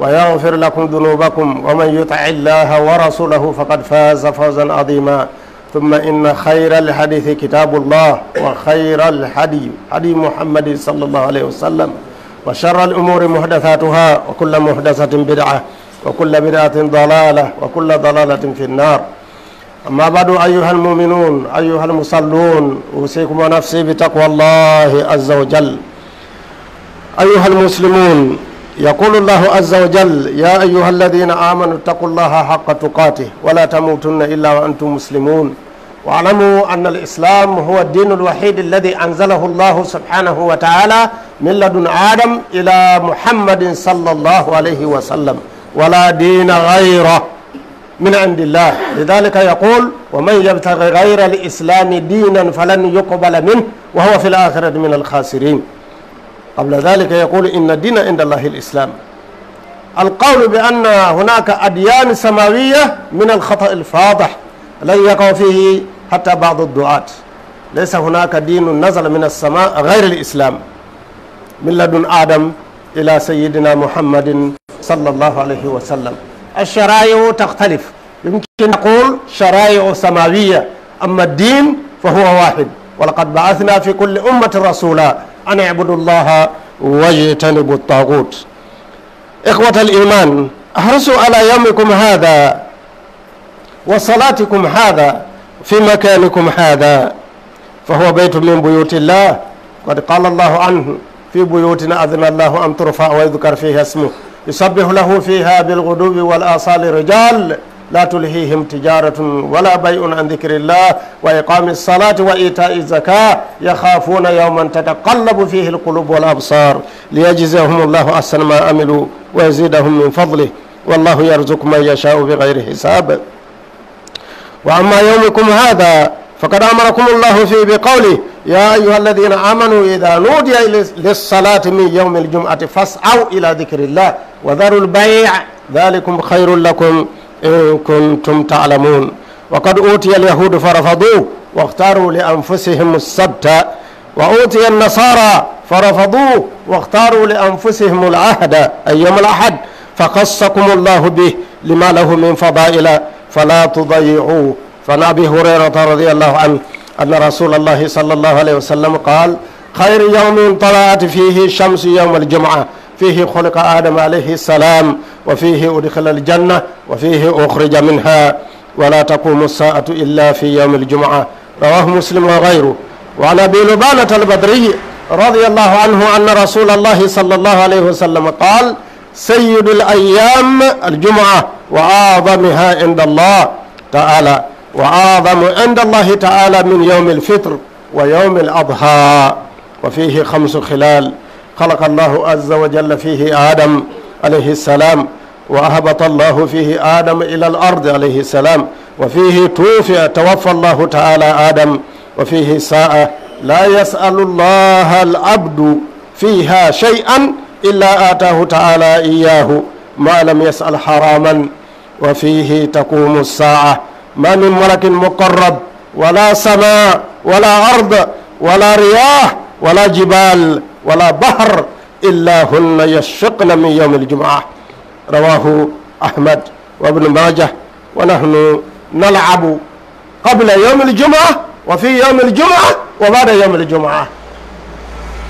ويغفر لكم ذنوبكم ومن يطع الله ورسوله فقد فاز فوزا عظيما ثم إن خير الحديث كتاب الله وخير الحدي حدي محمد صلى الله عليه وسلم وشر الأمور محدثاتها وكل محدثة بدعة وكل بدعة ضلالة وكل ضلالة في النار أما بعد أيها المؤمنون أيها المصلون أوصيكم ونفسي بتقوى الله عز وجل أيها المسلمون يقول الله عز وجل يا أيها الذين آمنوا اتقوا الله حق تقاته ولا تموتن إلا وأنتم مسلمون واعلموا أن الإسلام هو الدين الوحيد الذي أنزله الله سبحانه وتعالى من لدن آدم إلى محمد صلى الله عليه وسلم ولا دين غيره من عند الله لذلك يقول ومن يبتغي غير الإسلام دينا فلن يقبل منه وهو في الآخرة من الخاسرين قبل ذلك يقول إن الدين عند الله الإسلام القول بأن هناك أديان سماوية من الخطأ الفاضح لن يقع فيه حتى بعض الدعاة ليس هناك دين نزل من السماء غير الإسلام من لدن آدم إلى سيدنا محمد صلى الله عليه وسلم الشرائع تختلف يمكن نقول شرائع سماوية أما الدين فهو واحد ولقد بعثنا في كل أمة رسولا أن اعبدوا الله ويجتنبوا الطاغوت إخوة الإيمان احرصوا على يومكم هذا وصلاتكم هذا في مكانكم هذا فهو بيت من بيوت الله قد قال الله عنه في بيوتنا أذن الله أن ترفع ويذكر فيها اسمه يسبح له فيها بالغدو والآصال رجال لا تلهيهم تجارة ولا بيع عن ذكر الله وإقام الصلاة وإيتاء الزكاة يخافون يوما تتقلب فيه القلوب والأبصار ليجزيهم الله أحسن ما عملوا ويزيدهم من فضله والله يرزق من يشاء بغير حساب وأما يومكم هذا فقد أمركم الله فيه بقوله يا أيها الذين آمنوا إذا نودي للصلاة من يوم الجمعة فاسعوا إلى ذكر الله وذروا البيع ذلكم خير لكم إن كنتم تعلمون وقد أوتي اليهود فرفضوه واختاروا لأنفسهم السبت وأوتي النصارى فرفضوه واختاروا لأنفسهم العهد أي يوم الأحد فخصكم الله به لما له من فضائل فلا تضيعوه فعن أبي هريرة رضي الله عنه أن رسول الله صلى الله عليه وسلم قال خير يوم طلعت فيه الشمس يوم الجمعة فيه خلق آدم عليه السلام وفيه أدخل الجنة وفيه أخرج منها ولا تقوم الساعة إلا في يوم الجمعة رواه مسلم وغيره وعن أبي لبانة البدري رضي الله عنه أن رسول الله صلى الله عليه وسلم قال سيد الأيام الجمعة وأعظمها عند الله تعالى وأعظم عند الله تعالى من يوم الفطر ويوم الأضحى وفيه خمس خلال خلق الله عز وجل فيه آدم عليه السلام وأهبط الله فيه آدم إلى الأرض عليه السلام وفيه توفي توفى الله تعالى آدم وفيه ساعة لا يسأل الله العبد فيها شيئا إلا آتاه تعالى إياه ما لم يسأل حراما وفيه تقوم الساعة ما من ملك مقرب ولا سماء ولا أرض ولا رياح ولا جبال ولا بحر إلا هن يشقن من يوم الجمعة رواه أحمد وابن ماجه ونحن نلعب قبل يوم الجمعة وفي يوم الجمعة وبعد يوم الجمعة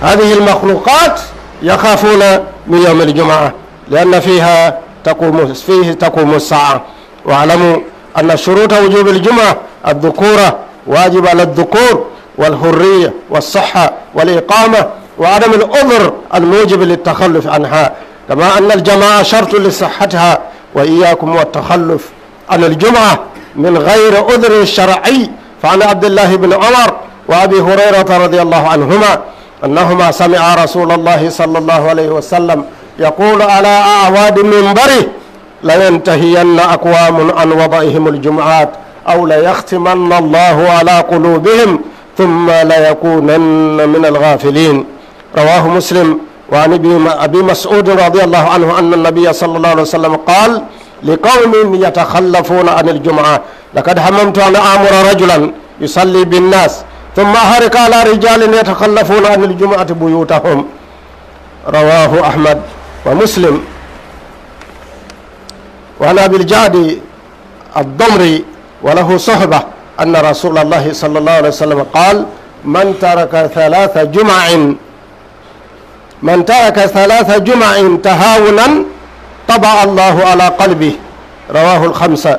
هذه المخلوقات يخافون من يوم الجمعة لأن فيها تقوم فيه تقوم الساعة واعلموا أن شروط وجوب الجمعة الذكورة واجب على الذكور والحرية والصحة والإقامة وعدم العذر الموجب للتخلف عنها كما أن الجماعة شرط لصحتها وإياكم والتخلف عن الجمعة من غير أذر شرعي فعن عبد الله بن عمر وأبي هريرة رضي الله عنهما أنهما سمع رسول الله صلى الله عليه وسلم يقول على أعواد منبره لينتهين أقوام عن وضعهم الجمعات أو ليختمن الله على قلوبهم ثم ليكونن من الغافلين رواه مسلم وعن أبي مسعود رضي الله عنه أن النبي صلى الله عليه وسلم قال لقوم يتخلفون عن الجمعة لقد هممت أن آمر رجلا يصلي بالناس ثم أحرق على رجال يتخلفون عن الجمعة بيوتهم رواه أحمد ومسلم وعن أبي الجعد الضمري وله صحبة أن رسول الله صلى الله عليه وسلم قال من ترك ثلاث جمع من ترك ثلاث جمع تهاونا طبع الله على قلبه رواه الخمسة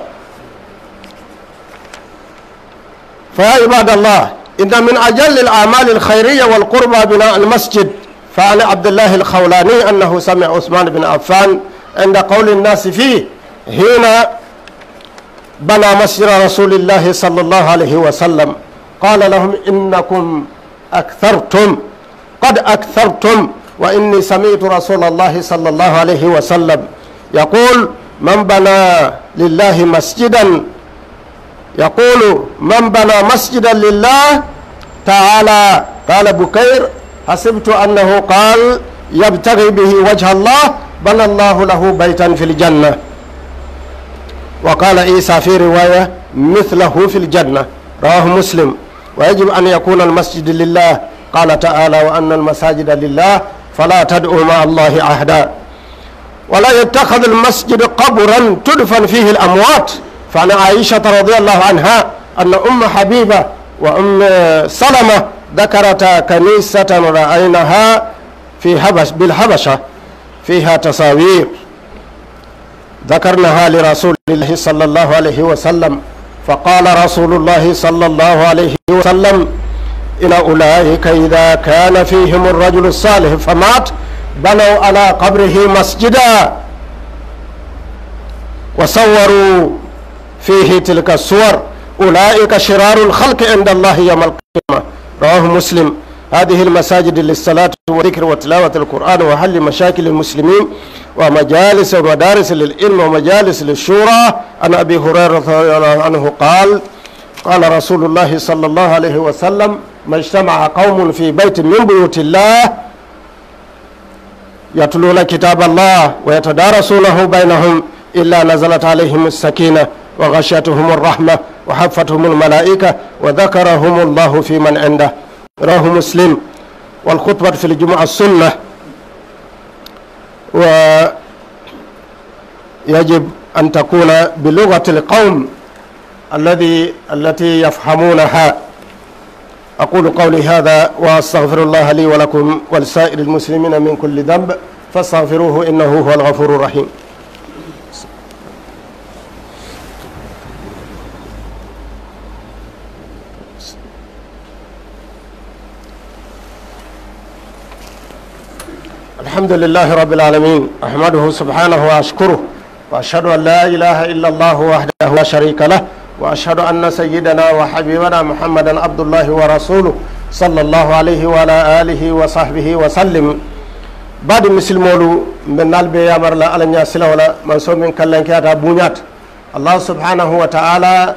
فيا عباد الله إن من أجل الأعمال الخيرية والقربى بناء المسجد فعن عبد الله الخولاني أنه سمع عثمان بن عفان عند قول الناس فيه حين بنى مسجد رسول الله صلى الله عليه وسلم قال لهم إنكم أكثرتم قد أكثرتم وإني سمعت رسول الله صلى الله عليه وسلم يقول من بنى لله مسجدا يقول من بنى مسجدا لله تعالى قال بكير حسبت أنه قال يبتغي به وجه الله بنى الله له بيتا في الجنة وقال عيسى في رواية مثله في الجنة رواه مسلم ويجب أن يكون المسجد لله قال تعالى وأن المساجد لله فلا تدعوا مع الله عهدا ولا يتخذ المسجد قبرا تدفن فيه الأموات فعن عائشة رضي الله عنها أن أم حبيبة وأم سلمة ذكرتا كنيسة رأيناها في هبش بالحبشة فيها تصاوير ذكرناها لرسول الله صلى الله عليه وسلم فقال رسول الله صلى الله عليه وسلم إلى أولئك إذا كان فيهم الرجل الصالح فمات بنوا على قبره مسجدا وصوروا فيه تلك الصور أولئك شرار الخلق عند الله يوم القيامة رواه مسلم هذه المساجد للصلاة والذكر وتلاوة القرآن وحل مشاكل المسلمين ومجالس ومدارس للعلم ومجالس للشورى عن أبي هريرة رضي الله عنه قال قال رسول الله صلى الله عليه وسلم ما اجتمع قوم في بيت من بيوت الله يتلون كتاب الله ويتدارسونه بينهم إلا نزلت عليهم السكينة وغشيتهم الرحمة وحفتهم الملائكة وذكرهم الله في من عنده راه مسلم والخطبة في الجمعة السنة ويجب أن تكون بلغة القوم الذي التي يفهمونها أقول قولي هذا وأستغفر الله لي ولكم ولسائر المسلمين من كل ذنب فاستغفروه إنه هو الغفور الرحيم الحمد لله رب العالمين أحمده سبحانه وأشكره وأشهد أن لا إله إلا الله وحده لا شريك له wa ashadu an na da na wa habi wa muhammadan abdullahi wa rasulu sallallahu alaihi wa alihi wa sahbihi wa sallim ba da musulmolu min na albe ya marla alanya silawala masu min kallon kiyata bunyat allah subhanahu wa ta'ala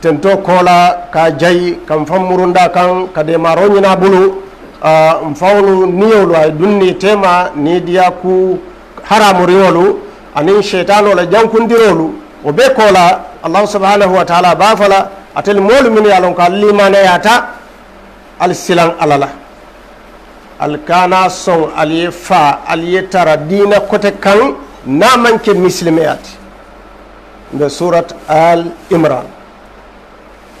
tento kola ka jai kan fan murunda kan ka da maro nina bulu a mfaunu niyolu a dun tema ni diyaku haramu riyolu a ni shetanola jankun dirolu o be kola allahu subhanahu wa taala bafala atel moolu min ye a lon ko al limaneyata al silan ala la al kana son al ye fa al ye tara diina kote kan na man ke misilimeyati nde surat al imran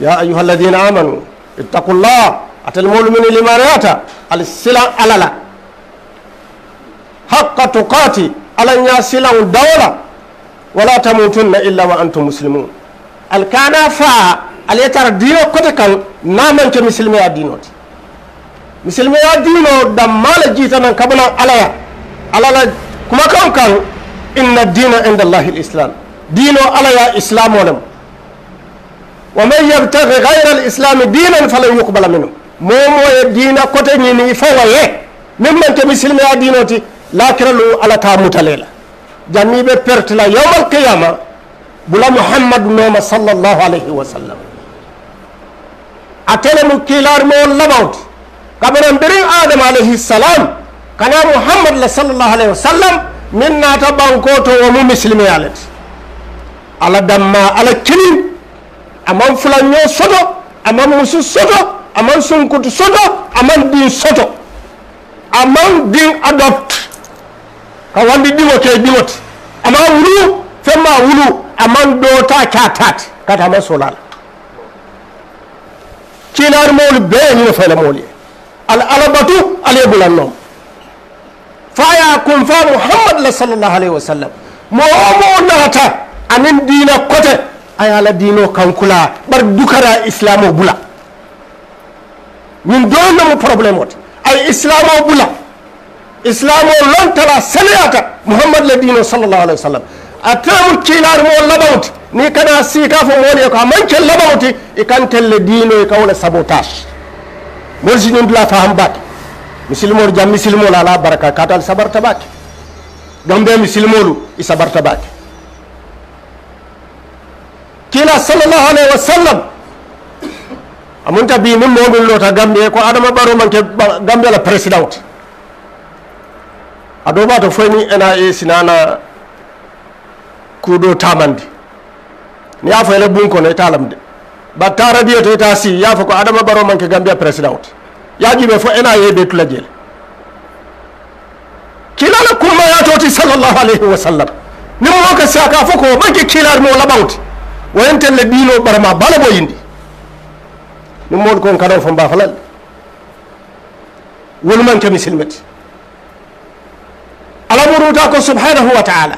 ya ayuha alladina amanu ittaqullah atel moolu min limaneyata al silan ala la haqqa tuqati ala ña silan dawla wala na illa wa antum muslimun alkana fa aletara dino kote kan na namanke misilmeya dino ti misilmeya dino dammala jiitanan kabulan alaya alala kuma kan kan inna dina inda allahi lislam dino alaya islamo lem wa man yabtagi gayra islam dinan falan yuqbala minhu momoye dina kote ni ñini i fawaye min manke misilmeya dino ti lakiralu ala ta mutalela janni ɓe pertela yawmal qiyama bula muhammadu mema sallllahu alayhi wa sallam atele mu kiilar mo on laɓawti kaɓanan birin adama alayhi salam kana muhammad la sallllahu alayhi wa sallam min naata ɓanko to womu misilmeyalete ala damma ala kinin aman fulanño soto aman musu soto aman sunkutu soto aman din soto aman din adopte ka wandi ɗiwote e ɗiwote ama wulu femma wulu aman ɗota catate kata aman solala ciinari mawli beenino fayla mawli al alabatu alaye bulannoom faya kun fa muhammad la sallllahu alayhi wa sallam mo omo naata anin diina kote ay ala diino kankula ɓar dukara islam o bula min donnomo probléme ote ay islam o bula islam o lontala seleyata muhammad le dino sallallahu alaihi wasallam a temul kiilaari mo labawti ni kana siika fo mooni ko a mankel labawti e kantel le diino e kawle sabotage mol sinondula faham baake misilimoolu jam misilimolu ala baraka katal sabarta baake gambe misilimolu i sabarta baake kiila sallallahu alaihi wasallam amunta bi min momin lota gambe ko adama baro manke gambe la présidente adoba to foyni nia sinana kudo tamandi ni afa ele bunko ne ita lam de bat ta to ita si fa ko adama baro manke gambia président yaƴiɓe fo nia be tula jeele kilala ya toti sallallahu alaihi wasallam ni mo ka saka fo ko manke kilar mo laɓawte woyentelle bilo ɓarama bala yindi ni mo kon kaɗo fo mba falalle wolumanke misilmete ta ko subhanahu wa taala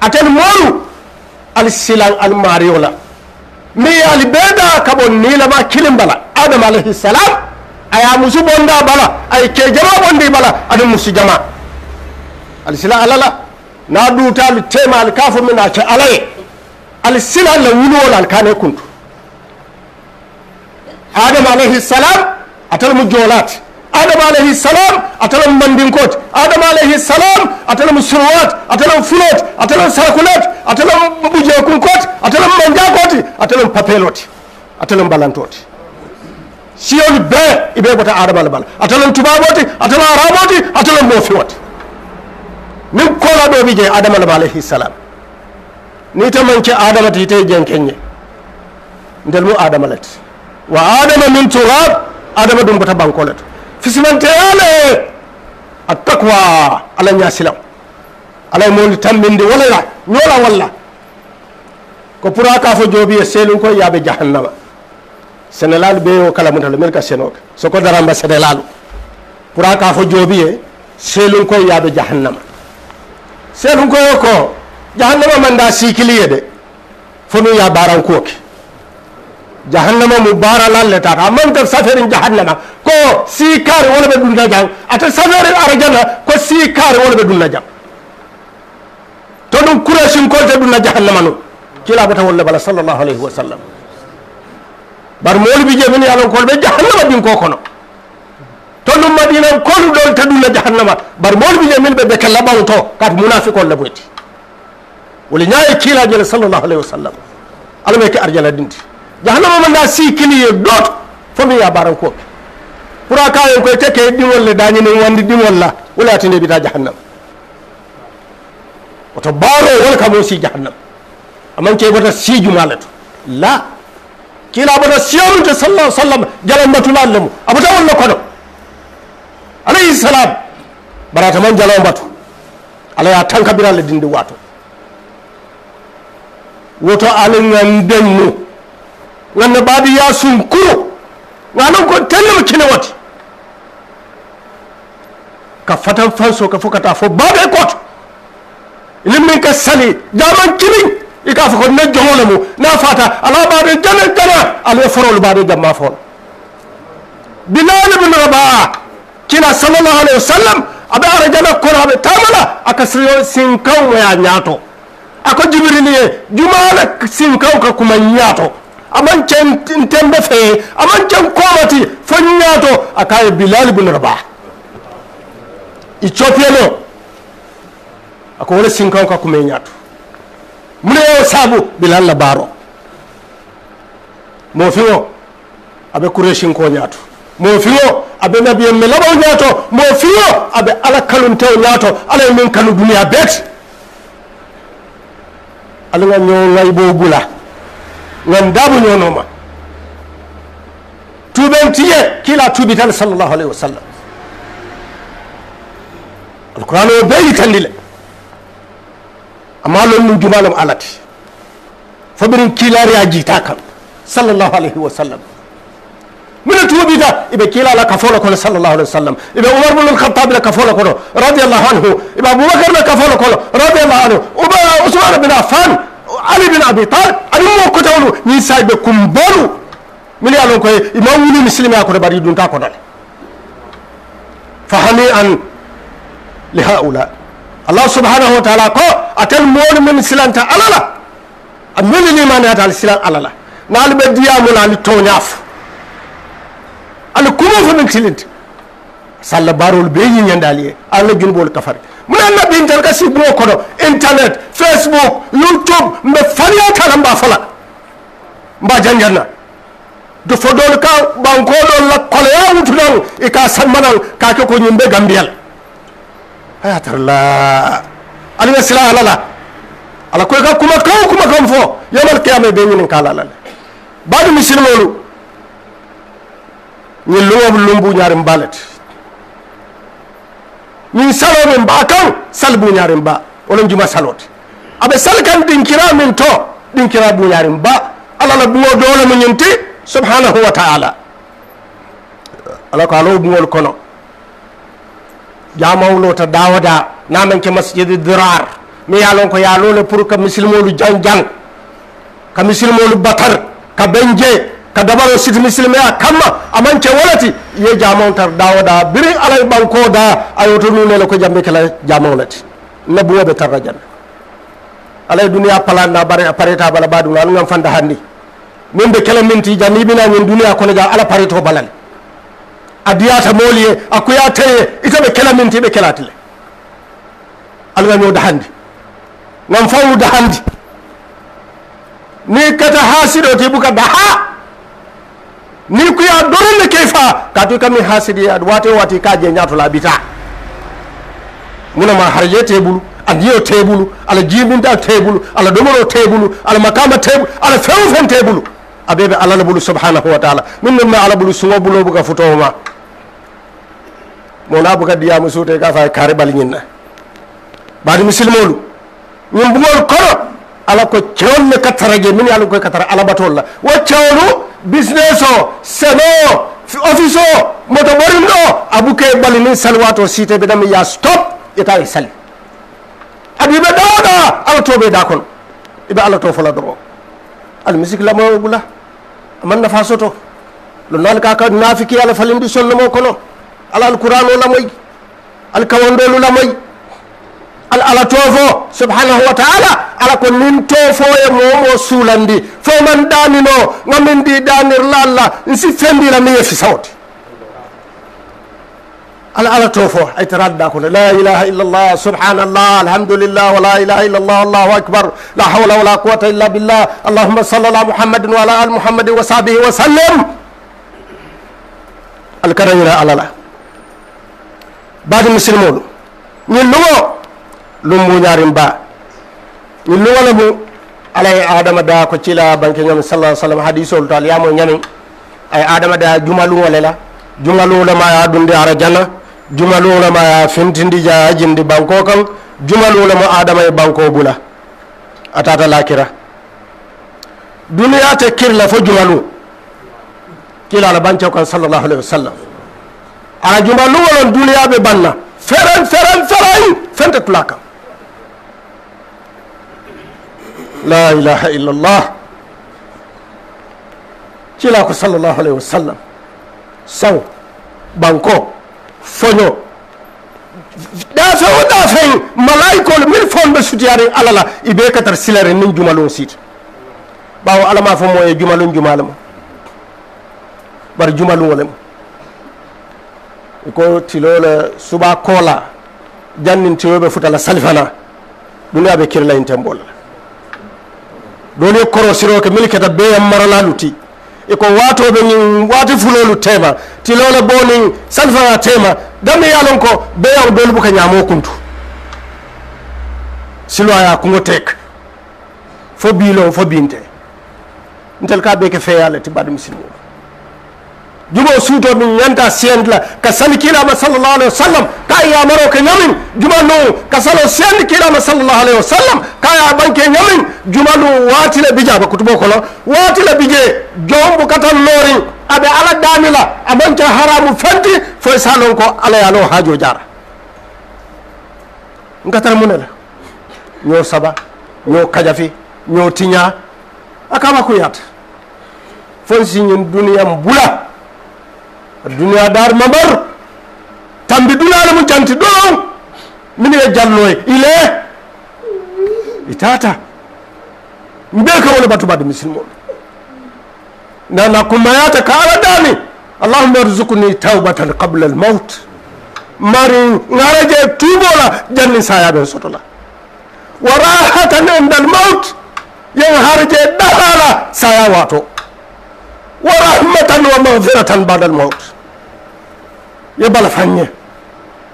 aten moolu ali silan ali mario mi al beda ka bon niilama kilim bala adam alayhi salam aya musu bonda bala ay ke jama bondi bala ani musu jama ali sila alala na duuta ali tema ali kafo min ace ala sila la wuluwo la kane kuntu adam alayhi salam atal mujolat adam alayhi salam atal mu mandinkoti Adam alaihissalam atelam suruwat atelam fulot atelam sakulot atelam ɓujeekunkot atelam manjakoti atelam papeloti atelam ballantoti siyolu bee iɓe gota adamala bala atelam tubaboti atelam araboti atelam mofiwoti min kola ɗo ɓi je adamalama alaihissalam ni tamanke adama ti ite jenkenñe ndel mu adama lati wa adama min turab adama ɗum gota bankolet fisimanteyale attaqwa ala ñasilam alay mowndi tambinde wolayra ñoola walla ko pour aka fo joobi e seelum koye jahannama senelaalu ɓeyo kala mutala mel ka senoka soko daramba senelaalu pour aka fo joobi e seelum koye yaaɓe jahannama seelum koyo ko jahannama manda siikiliye de fo ya jahannama mu barala letata amman ka saferin jahannama ko si kare wala be dunna jang ata saferin arjanna ko si kare wala be dunna jang to ɗum kurashin kolte dunna jahannama no kilaɓata wolle bala sallllahu alayhi wa sallam bar molibi je min yalon kolɓe jahannama ɗin ko kono to ɗum maɗinan kolu ɗon ta dunna jahannama bar molibi je min ɓe ɓe kella ɓaw to kat munafiqol laɓoyti wole ñaye kiilajele sallllahu alayhi wa sallam alamake arjana ɗinti jahannama man da si kili ye dot fo ya baran ko pura ka ye ko teke diwol le da ni wandi diwol la wala bi ta jahannam oto baro wala ka mo si jahannam aman ke bata si la to la kila bota ta sallallahu sallam jalan batula lemu abata wala kono alayhi salam barata man jalan batu ala ya tanka la dindi wato woto alin ngan dennu wannan babu ya sunkuro wannan ko tanne mu kine wati ka fatan fanso ka fuka ta fo babu ikot ilin min ka sali daman kirin ika fuka na jomole mu na fata ala babu jana jana ala forol babu jamma fon bilal ibn rabah kila sallallahu alaihi wasallam abe arajana kora abe tamala akasriyo sinkan waya nyato ako jibril ye jumala sinkan ka kuma nyato aman ken tembe fe aman ken komati fonyato akaye bilal bin raba ethiopia no ako wala sinkan ka kuma yin yato muna yo sabu bilal labaro baro mofiwo abe kureshin ko nyato mofiwo abe nabiyen me labaw ñaato mo fiyo abe ala kaluntew ñaato ala ye min kanu duniya bet ala nga ñoo ngay ngam damuño nooma tuuɓen tiye kiila tuubi tan sallllahu alayhi wa sallam alqouran o beeyi kandile amma noon ɗum jumalom alati foɓirin kiilari a jiita kam sallllahu alayhi wa sallam mine tuuɓita eɓe kiilala kafola kono sallllahu alayhi wa sallam eɓe umar bnul khatab la kafola kono radiallahu anhu eɓe aboubacar la kafola kono radiallahu anhu uba ousmane bin affan ali bin abi talib aɗum wokkota wolu ñin sayɓe kumbolu mili alon ko ima wuli ko bari dun ta ko dal fahami an li haula allah subhanahu wa taala ko atel moolu min silanta alala a ni man ata ali silan alala nal naali ɓe la ali toñafo ali kumo fo min tilinta salla barol be yiñande ali e allah junɓolu kafari muna naɓi intal ka sibbuno koɗo internet facebook youtube mbe fariya kala mba fala mba janjana do fodol ka bankoɗo lakkole ya wutunan e ka sammanan kake ko ñimɓe gambiyal ayatarla alaga sila alala ala koy ka kuma kaw kuma kam fo yamal qiyama ɓe ñinin kala alale baɗo misilmolu ñin luŋoɓe lumbu ñarim mbalet ñin salo mba kan sal buñarim ba olon juma salote aɓe salkan ɗinkira min to ɗinkira buñarin ba alaala buŋol dowle muñinti subhanahu wa taala ala ko alaw buŋol kono jamawlo ta dawada namen ke masjidi dirar mi yalon ko yalole pour que musilmolu jan jan ka musilmolu batar ka benje ka dabaro siti musilme a kamma amanke wolati ye jamaw tar dawada biri alay ɓankoda ayoto nunele ko jambe kela jamawlati ne buwoɓe tarra janna alay palanda bare pareta bala badu la ngam fanda handi min ɓe kala minti bina min duniya kone ga ala pareto balal adiyata moliye e akkuya taye ita ɓe kala minti ɓe kelatile da handi ngam gam da handi ni kata ha siɗo ti buka da ha ni kuya dorin key kefa ka mi ha siɗi wate wati ka je la bita munama harje yete bulu a jiyo teebulu ala jibunta teebulu ala domoro teebulu ala makama teebulu ala fewfen teebulu aɓeɓe alala ɓolu subhanahu wa taala min nonma ala ɓolu sugo ɓuloɓo ga futowo ma mona bo kadi yama suute ga fa kare ɓalñinna baɗi misilmolu min bugol kono ala ko cewolle kattaraje min ala koye kattara alaɓatolla wo cewlu business o seno o office o moto ɓorin ɗo abuke ɓalinin salwato siteɓe ɗa mi ya stop ƴeta e sali aɗa wiɓe ɗawɗa awa toɓeyda kon eɓe allah to fola doro almusik lamowo gula aman nafa soto lo noon kaka naafiki ala falindi sollomo kono ala alquran o lamoyi alkawandolu lamoyi al ala toofo subhanahu wa taala ala ko nin toofoye momo suulandi fo man ɗanino gamin ndi ɗanirla allah n si fendira mi yefi sawde على على توفو اي كنا لا اله الا الله سبحان الله الحمد لله ولا اله الا الله الله اكبر لا حول ولا قوه الا بالله اللهم صل على محمد وعلى ال محمد وصحبه وسلم الكرم على الله بعد المسلمون نلو لمو نارم با نلو لمو على ادم دا كوتشيلا بانك نيام صلى الله عليه وسلم حديث يا مو نيامي اي ادم دا جمالو ولا جمالو لما يا دون دي على جنه jumaluŋolema ye fintindi ja a jindi banko kaŋ jumaluŋolemo adama ye banko bula a tata lakira duniya te kirila fo jumaluŋ kilala banco kaŋ salallahu alayhi wa sallam a jumaluŋolon duniya be banna feren feren feren fente tula kaŋ la ilaha illallah cila ko salallahu alayhi wa sallam saw banko foño ɗafe o ɗafen malaikol min fonɓe sutiyaren alala ibe katar silare nin jumalon siita ɓawo alama fo moye jumalon jumala ma bar jumaluŋole ma ko tilole suba kola jannin tiloɓe futala salifana ɗuna ɓe kirlayinten bolla ɗoni koro siroke mil keta beyan maralaluti iko wato ɓe ñin wati fulolu tema boni salfa na tema dami yalon ko beyaw udolu buka ñamo kuntu siloya ya tek fo biilo fo binte ntel ka beke feyale ti baɗum silmo jubo suuto ɗum ñanta sendla ka salikilama sallallahu alayhi wa sallam ya maro ka nyamin jumanu kasalo sendi ma sallallahu alaihi wasallam ya banke nyamin jumanu la bija ba kutubo kolo wati la bije jombu katan lorin abe ala damila abanke haramu fanti fo salo ko ala yalo hajo jara ngatar munela nyo saba nyo kajafi nyo tinya akama kuyata fo sinin duniya mbula duniya dar mabar kamɓe dunale mo janti ɗo min e jalloye ile i tata mbe ka wona batubade misilmo nana kummayata ka ala dani allahuma arzuqni tawbatan qable al maut mari garaje tubola janni sayaɓen sotola wa rahatan endal maut yen haraje ɗatala saya wato wa rahmatan wa mahfiratan bada al maut ye bala fanñe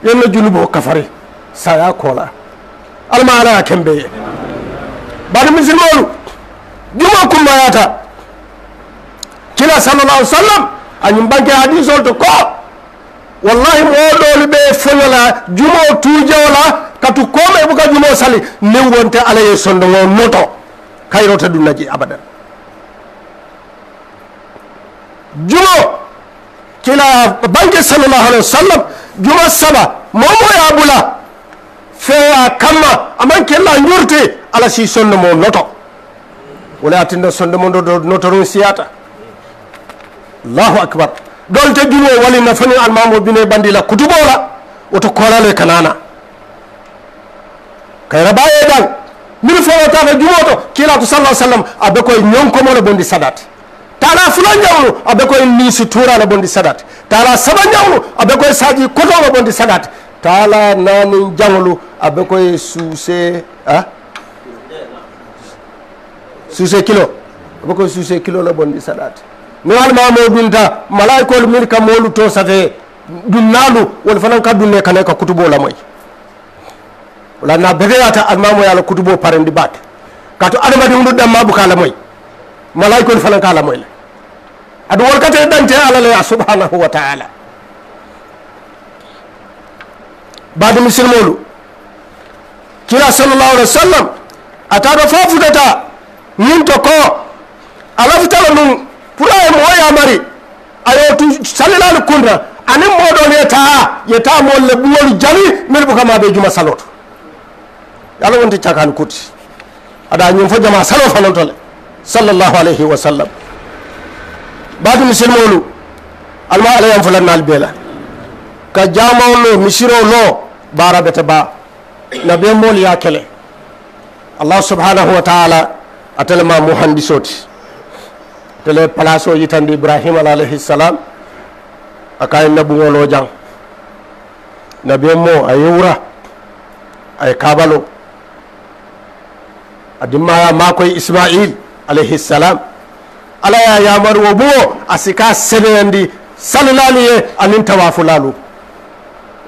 yalla julubo kafari saya kola alma ala kembeye bade misilmolu juma kummayata kila sallallah alih a w sallam añum banke hadisol to ko wallahi moɗoli ɓe foñola jumo tujewola katu kome buka jumo sali nin wonte alaye sondogo noto kayrota dunnaji abadan jumo kila banke sallallahu alih a wa sallam juma saba momo ya bula fewa kamma aman kella njurte ala si sonno mo noto wala atinda sonno mo notorun siyata allahu akbar dolte jumo wali nafani almamo bine bandila kutubola woto kolale kanana kayra baye dan min jumoto kila to kilato sallah sallam abe koye mo bondi sadate tala fula ñawlu aɓe koye miisi turano bondi sagat tala saba ñawlu aɓe koye saji kotoro bondi sagat tala nani janglu aɓe koye suuse a ah? suuse kilo aɓe koye suuse kilo no bondi sagat mi wan mamo ɗunta malaikol min ka molu to safe ɗunnalu woni fanan ka ɗunne kanay ka kutubo lamoy wala na begeyata almamo yaala kutubo parendi bade kato adamadi huɗuɗɗam mabu ka lamoy malaikol fanan ka lamoy la aɗa wolkate ɗante alala ya subhanahu wa taala baade misilmolu kila sallllahu alih wa sallam ataɗo fo futata ñin to ko alafitala num pour aye mo yamari ayo tu salilali kunta anin moɗon ye taa ye taa mol le ɓuwolu jani min ɓukamaɓe juma saloto ala wonti cakani kuti aɗa ñin fo jama salo fanontole sallllahu alayhi wa sallam baatu misilimoolu alma ala yan fulan naal bee la ka jaamaw loo misiroo loo baara bete baa na bee moolu ye a kele allah subhanahu wa taala atele ma muhandisoo ti tele palaasoo yitandi ibrahima ala alayhi salam a ka ye nabuŋoloo jaŋ na bee moo a ye wura a ye kaabaloo a dimmaaya maa koye ismail alayhi salam ala ya yamar wo buwo asika sebendi salulaliye anin tawafulalu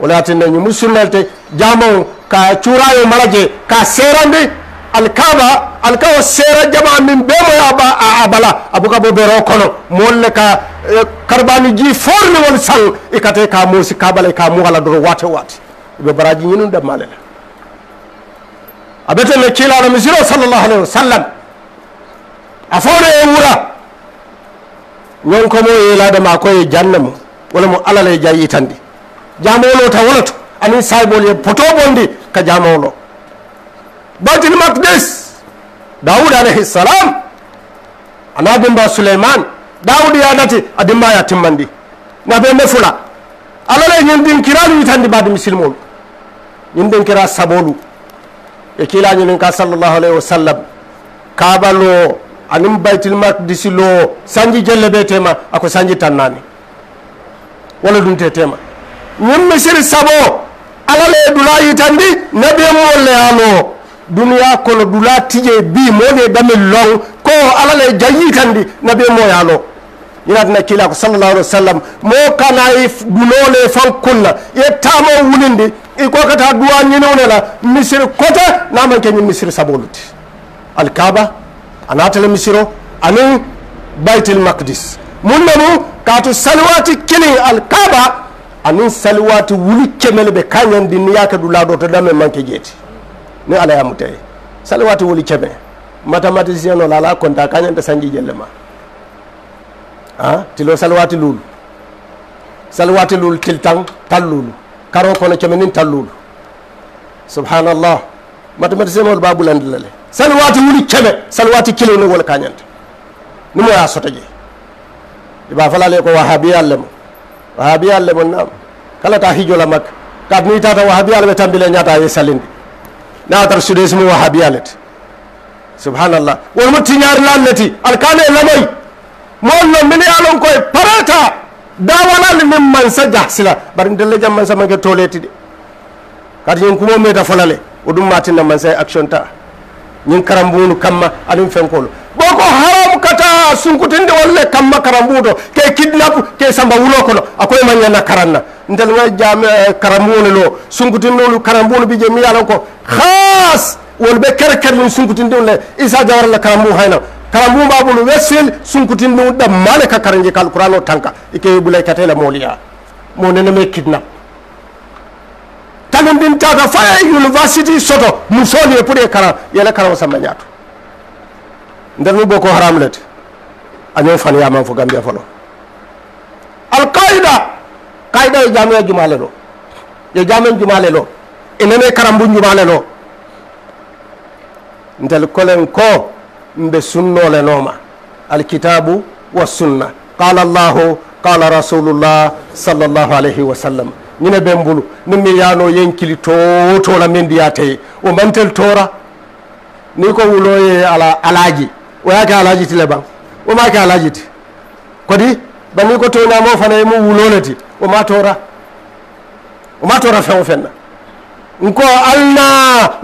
walatin da ñumu sunnalte jamo ka curayo maraje ka serandi alkaba alkawo sera jama min bemoya ba a abala abuka bo bero kono molle ka karbani ji forni won sal ikate ka mosi kabala ka muhala doro wate wate ɓe baraji ñinum dammalela abeten ne kiilaɗo misiro sallllahu alayhi wa sallam a fowne e wura ñon ko mo yeladema koye janna mum wala mo alala e jayitande jamowolo ta wolato anin saybol e potobol ndi ka jamowolo baytul makdis dawud alayhi salam ana dimba souleyman dawud yanati a dimbaya timmandi nabe nefula alala e din dinkiralu yitandi bade misilmolu ñin dinkira sabolu e kilañinin ka sallllahu alayhi wa kabalo anin baytil makdisi lo sanji jelle be tema ako sanji tannani wala ɗum te tema ñin sabo alala e dula yitandi nabi molle ano duniya kono dula tije bi mone damin long ko alala e jayitandi nabi moyano yinatina kiila ko sallallahu alih wa sallam mo kana e dunole fan kunna yettamo wulindi iko kata duwa ñinowne la misiri kote namanke ñin misiri sabolude alkaba a natale misiro anin baytil makdis munne mu kaatu saliwati kili alkaaba anin saliwati wuli cemele ɓe kañandi ni yaake ɗu laaɗo to ɗame manque jeeti ni ala yamutaye saliwati wuli ceme mathématicien nolala konta kañande sañji jelle ma a tilo saliwati luulu saliwati luulu til tan tal luulu karo kono ceme nin tal luulu subhanallah mathématicien mol ba ɓulandilale salwati wuli keme salwati kilo ni wala kañanta ni mo ya sotaje iba fala le ko wahabi le mo wahabi le mo nam kala ta hijola mak kad ni tata wahabiyal be tambile nyata ye salindi nawatar sudesi mu wahabi le subhanallah wol mo lati al leti la moy mo no min ya lon koy parata ni min man mansa jahsila bar ndel jam mansa manke toleti de kadi ñin kumo meta fala le o matina man mansa action ta ñiŋ karambuunu kamma aniŋ fenkolu boko haram kata sunkutinde wolle kamma karambu ke kidnap ke samba wulo kono akoye mañana karanna ntel ga jam eh, karambune lo sunkutinnolu karambunu bi je mi yalan ko khas wol ɓe kere kere min sunkutinde le isa jawara la karambu hayna karambu babulu wesfil sunkutinde ɗam male ka karanje kalkuran o tanka ike bulay katela moliya mo neneme kidnap tanum ɗin tata faya university soto mu sooli e pour e karam yele karam samma ñaatu ndernu ɓo ko haramlete añon fan yaman fo gambia fo ɗo alqaida qaida e jamia e jumale ɗo yo e jamen jumale ɗo enene karam bun jumale ɗo ndel kolen ko mɓe sunnolenoma alkitabu wa sunna qala llahu qala rasulullah sallllahu alayhi wa sallam ñine ɓen mbulu nin mi yano yenkili to la min ndiya teye o mantel tora ni ko wuloye ala alaji o yake alaji ti le ban o make alaji ti kodi bani ko toñamo fana mo wulole ti o ma tora o ma tora fewo fenna nko alna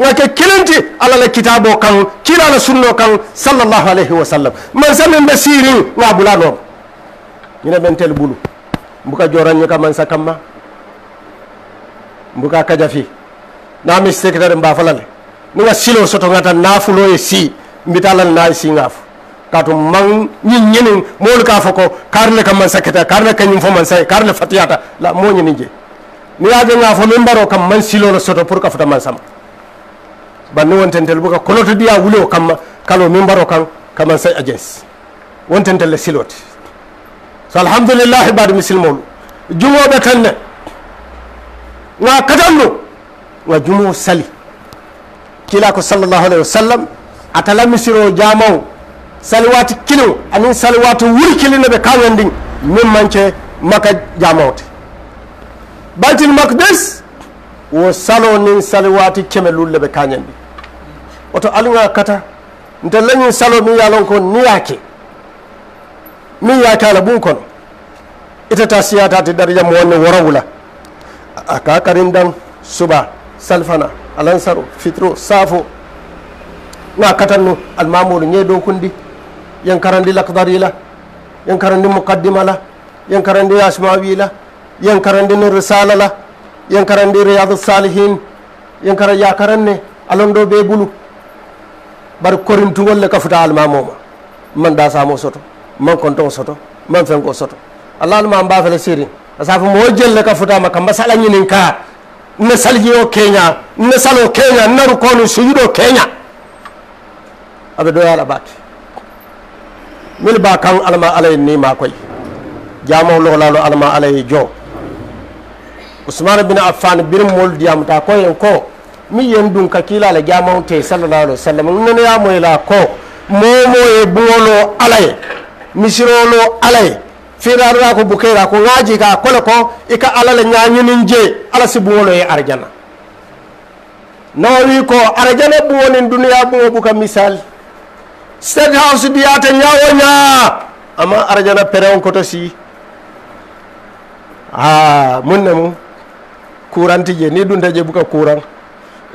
ngake kilinti ala la kitabo kan kila la sunno kan sallallahu alaihi wa sallam man samin basirin ngabula no ñine ɓen tel bulu mbuka joranñi ka man sa kamma mbuka kaja fi na mi tan mba falale ni nga silo soto ngata nafulo e si mbitalal na si ngaf katu man nyin nyin mol ka foko karle kam man sakata karle kanyum fo man say karle fatiyata la mo nyin je ni ya nga fo min baro kam man silo lo soto pour ka fata man sama banni wontentel buka koloto diya wulo kamma kalo min baro kan kaman say ajes wontentel le silote so alhamdulillah bade misilmolu jumoɓe tan wa katanno wa jumo sali kila ko sallllahu alayhi wa sallam atala misiro jamawo saliwati kilio anin saliwati wuri kilino ɓe kawen ndin min manke makka jamawte baytil makdis wo salo nin saliwati keme lulle ɓe kañen ɗi oto aluga kata nde leñi salo min yalon ko niyake min yakala ɓum kono itata siyatati dariyam wonne worawla aka dan suba salfana alansaro fitro safo na katanno almamuru nye do kundi yan karandi lakdari la yen karandi muqaddima la yen karandi yasmawi la yen karandi no risala la yen karandi riyadus salihin yan kara ya karanne alondo be bulu bar korintu korintugol le kafuta almamoma man da samo soto man konto soto man fen ko soto allah alma an ba fele sirin asafu mojelle ka futama kamba sala ñinin ka nne saljiyo keña nne salo keña nnaru konu sujudo keña aɓe doyala baate mil ba kan alama alaye ma koy jamaw lohlalo alama alaye jo usman bin affan birin mol diyamuta koyen ko min yen dun ka kiilale jamawte sallallahu alaihi wasallam nenoyamoyla ko momoye buŋolo alaye misirolo alaye firarura ko bukera ko ngaji ka kole ko ika alala ñañinin je ala si buwolo ye arjana nawi ko arjana buwonin duniya buwo buka misali state house diyate ñawo ña ama arjana pereon koto si a mun mu kuranti je ni dunta je buka kuran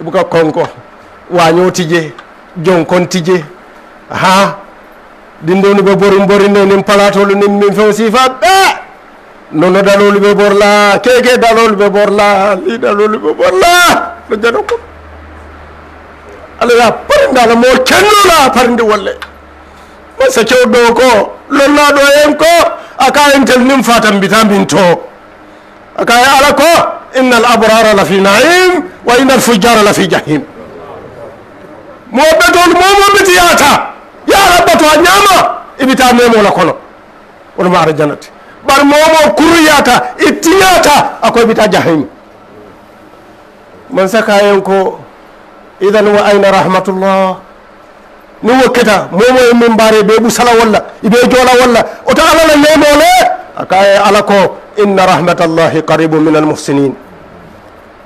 buka konko wañoti je jonkon ti je ha ɗindowni ɓe borin borinde nin palatolu nin min few sifaɓe nono dalolu ɓe borla keke dalolu ɓe borla li dalolu ɓe borla ɗo jaɗo ko ala ya parindala mo kennola parinde wolle masa kew ɗo ko lollaɗo en ko aka entel nin fatan mbita min to aka e ala ko inna al abrara la fi naim wa inna al fujjara la fi jahim mo ɓetol momoɓetiyata يا رب تو انياما ابيتا ميمو لا كولو ولما ر جنتي بار مومو كرياتا اتياتا اكو ابيتا جهنم من سكا ينكو اذا هو اين رحمه الله نو كتا مومو يمن باري بيبو سلا ولا يبي جولا ولا او تعالى لا ميمو لا اكاي علاكو ان رحمه الله قريب من المحسنين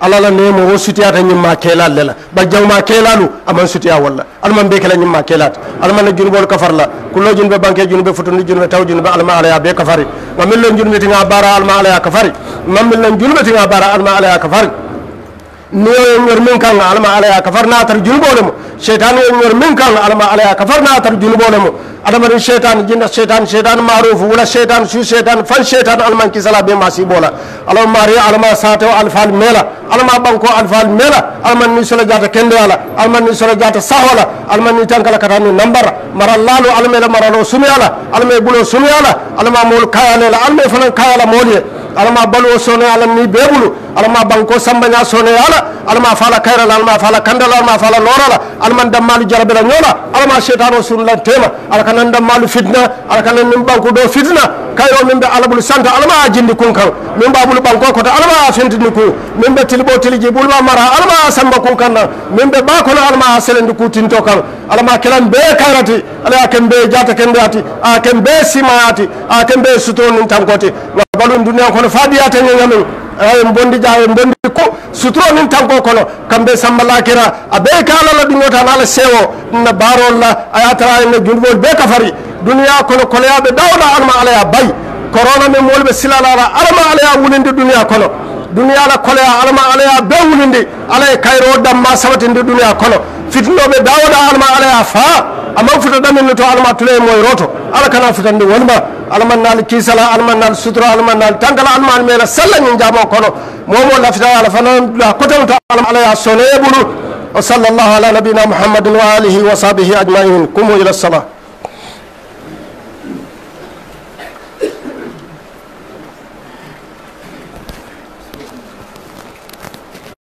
alala ne mo wo sutiyata ta keelal le lela ba jawma lu aman sutiya wala alman be kala kela ta alman alaman na junubol kafar la kullo junube be futu futundi be taw be alma ala ya be kafari ma min len lon junubetinga bara alma ala ya kafari ma min len lon junubetinga bara alma ala ya kafari niyo ñor min kan alama alaya kafarna tar julbolemo sheytan yo ñor min kan alama alaya kafarna tar julbolemo adamari sheytan jinna sheytan sheytan marufu wala sheytan su sheytan fan sheytan alman kisala be masibola alaw mari alama sate o alfal mela alama banko alfal mela alman ni sola jata kende ala alman ni sola jata sahola alman ni tankala katani nambara mara lalu almela maralo sumi ala alme bulo sumi ala alma mol kayalela alme fanan kayala moliye alama baluwo soneya alam ni bee bulu alama banko sambaña soneya la alama fala kayra la alama fala kanda la alama fala noora la alaman dammalu jarabela ñoola alama setano la ala ka nan dammalu fitna ala ka nan min banku do fitna kayro min ɓe alabulu santa alama a jindi kun kan min babulu banko koto alama a fentini ku min ɓe tilɓo tiliji bulma mara alama a samba kun kan na min ɓe ɓakono alama a selendi ku tinto kan alama kilan bee kayrati ala ya ken bee jata ken ndeyati a ken bee simayati a sutonin tankoti balum duniya kono faadiya tañoña men en bondi dia en bondi ko suturo nin tanko kono kamɓe samba lakira a ɓe kalala ɗum wota nala sewo na barolla a yatara enne junduɓol ɓe kafari duniya kono konoyaɓe dawɗa alma alaya bayi corona men molɓe silalara alama alaya wulinde duniya kono duniyala koleya alama alaya be wulindi alaye kayro damma sabatinde duniya kono fitinoɓe dawoɗa alama alaya fa aman futa ɗaminni to alama tule e moye roto ala kana futande wonma alaman naali kiisala alaman naali sutura alaman naali tankala alamaani meela sallañin jaamo kono momo lafita ala fanaa kotemto alama alaya soneye ɓuru وصلى الله على wa alihi وآله وصحبه أجمعين kumu ila الصلاة